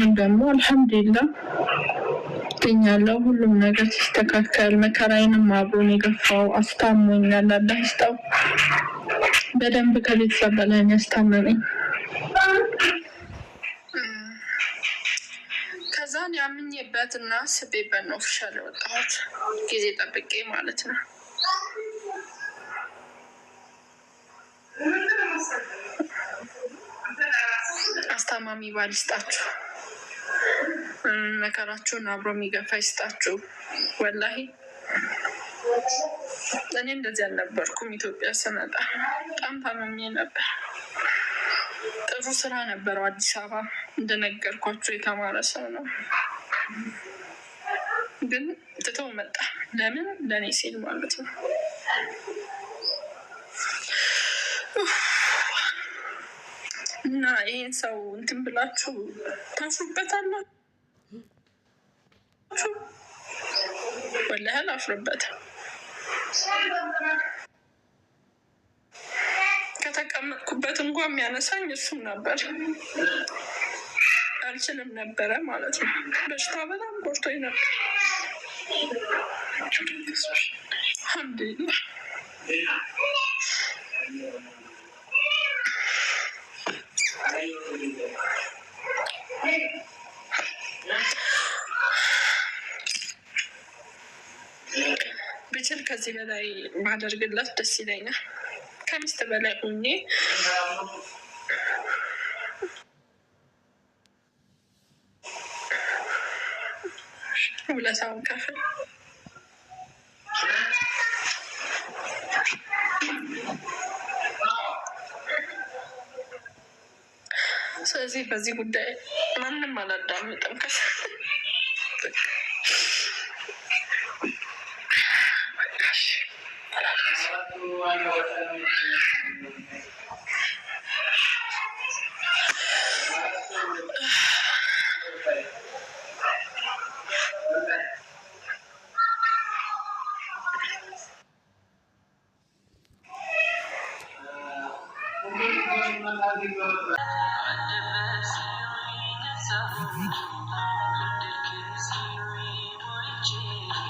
አሁን ደግሞ አልሐምዱሊላህ ገኛለው ሁሉም ነገር ሲስተካከል መከራዬንም አብሮን የገፋው አስታሞኛል። አለ ስጠው በደንብ ከቤተሰብ በላይ ያስታመመኝ። ከዛን ያምኝበት እና ስቤ በን ኦፊሻል የወጣሁት ጊዜ ጠብቄ ማለት ነው። አስታማሚ ባል ይስጣችሁ። መከራችሁን አብሮ የሚገፋ ይስጣችሁ። ወላሂ እኔ እንደዚህ አልነበርኩም። ኢትዮጵያ ስመጣ በጣም ታመሜ ነበር። ጥሩ ስራ ነበረው አዲስ አበባ እንደነገርኳችሁ የተማረ ሰው ነው፣ ግን ትተው መጣ። ለምን ለእኔ ሲል ማለት ነው። እና ይሄን ሰው እንትን ብላችሁ ታፍሩበታላችሁ። ወላሂ አላፍርበትም። ከተቀመጥኩበት እንኳ የሚያነሳኝ እሱም ነበር። አልችልም ነበረ ማለት ነው። በሽታ በጣም ቆርቶኝ ነበር። አልሐምዱሊላህ ብችል ከዚህ በላይ ማደርግላት ደስ ይለኛል። ከሚስት በላይ ሁኜ ውለታውን ከፍል ስለዚህ በዚህ ጉዳይ ማንም አላዳምጥም ከ Thank you.